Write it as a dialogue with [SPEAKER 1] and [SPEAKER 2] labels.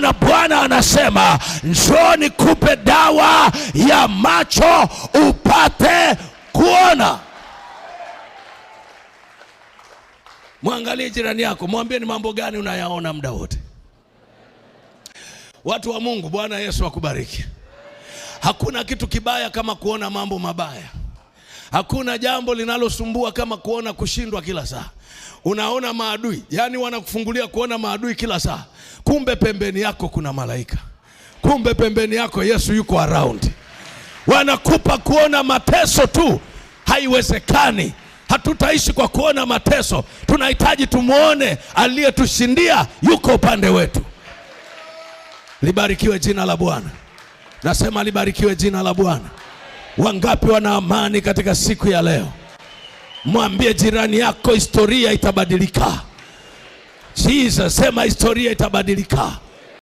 [SPEAKER 1] maana Bwana anasema njoo nikupe dawa ya macho upate kuona. Mwangalie jirani yako, mwambie ni mambo gani unayaona muda wote. Watu wa Mungu, Bwana Yesu akubariki. Hakuna kitu kibaya kama kuona mambo mabaya. Hakuna jambo linalosumbua kama kuona kushindwa kila saa. Unaona maadui, yaani wanakufungulia kuona maadui kila saa, kumbe pembeni yako kuna malaika, kumbe pembeni yako Yesu yuko around. Wanakupa kuona mateso tu, haiwezekani. Hatutaishi kwa kuona mateso, tunahitaji tumwone aliyetushindia, yuko upande wetu. Libarikiwe jina la Bwana. Nasema libarikiwe jina la Bwana. Wangapi wana amani katika siku ya leo? Mwambie jirani yako historia itabadilika. Jesus, sema historia itabadilika.